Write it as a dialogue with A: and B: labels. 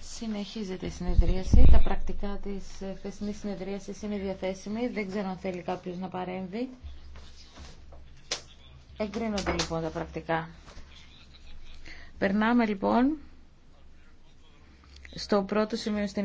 A: Συνεχίζεται η συνεδρίαση. Τα πρακτικά τη χθεσινή συνεδρίασης είναι διαθέσιμη. Δεν ξέρω αν θέλει κάποιο να παρέμβει.
B: Εγκρίνονται λοιπόν τα πρακτικά.
C: Περνάμε λοιπόν στο πρώτο σημείο στην